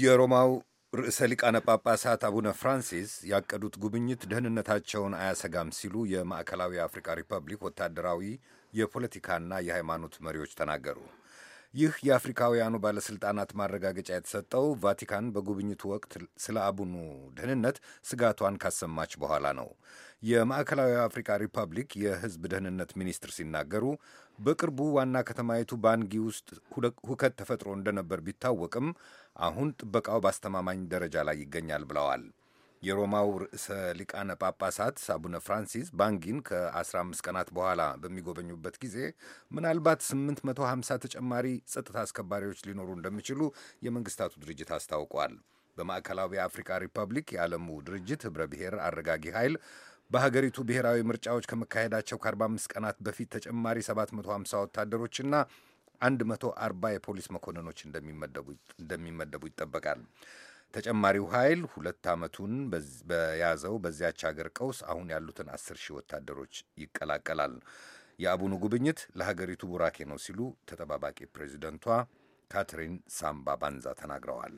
የሮማው ርዕሰ ሊቃነ ጳጳሳት አቡነ ፍራንሲስ ያቀዱት ጉብኝት ደህንነታቸውን አያሰጋም ሲሉ የማዕከላዊ አፍሪካ ሪፐብሊክ ወታደራዊ የፖለቲካና የሃይማኖት መሪዎች ተናገሩ። ይህ የአፍሪካውያኑ ባለሥልጣናት ማረጋገጫ የተሰጠው ቫቲካን በጉብኝቱ ወቅት ስለ አቡኑ ደህንነት ስጋቷን ካሰማች በኋላ ነው። የማዕከላዊ አፍሪካ ሪፐብሊክ የሕዝብ ደህንነት ሚኒስትር ሲናገሩ በቅርቡ ዋና ከተማይቱ ባንጊ ውስጥ ሁከት ተፈጥሮ እንደነበር ቢታወቅም አሁን ጥበቃው በአስተማማኝ ደረጃ ላይ ይገኛል ብለዋል። የሮማው ርዕሰ ሊቃነ ጳጳሳት አቡነ ፍራንሲስ ባንጊን ከ15 ቀናት በኋላ በሚጎበኙበት ጊዜ ምናልባት 850 ተጨማሪ ጸጥታ አስከባሪዎች ሊኖሩ እንደሚችሉ የመንግስታቱ ድርጅት አስታውቋል። በማዕከላዊ አፍሪካ ሪፐብሊክ የዓለሙ ድርጅት ኅብረ ብሔር አረጋጊ ኃይል በሀገሪቱ ብሔራዊ ምርጫዎች ከመካሄዳቸው ከ45 ቀናት በፊት ተጨማሪ 750 ወታደሮችና 140 የፖሊስ መኮንኖች እንደሚመደቡ ይጠበቃል። ተጨማሪው ኃይል ሁለት ዓመቱን በያዘው በዚያች ሀገር ቀውስ አሁን ያሉትን አስር ሺህ ወታደሮች ይቀላቀላል። የአቡኑ ጉብኝት ለሀገሪቱ ቡራኬ ነው ሲሉ ተጠባባቂ ፕሬዚደንቷ ካትሪን ሳምባ ባንዛ ተናግረዋል።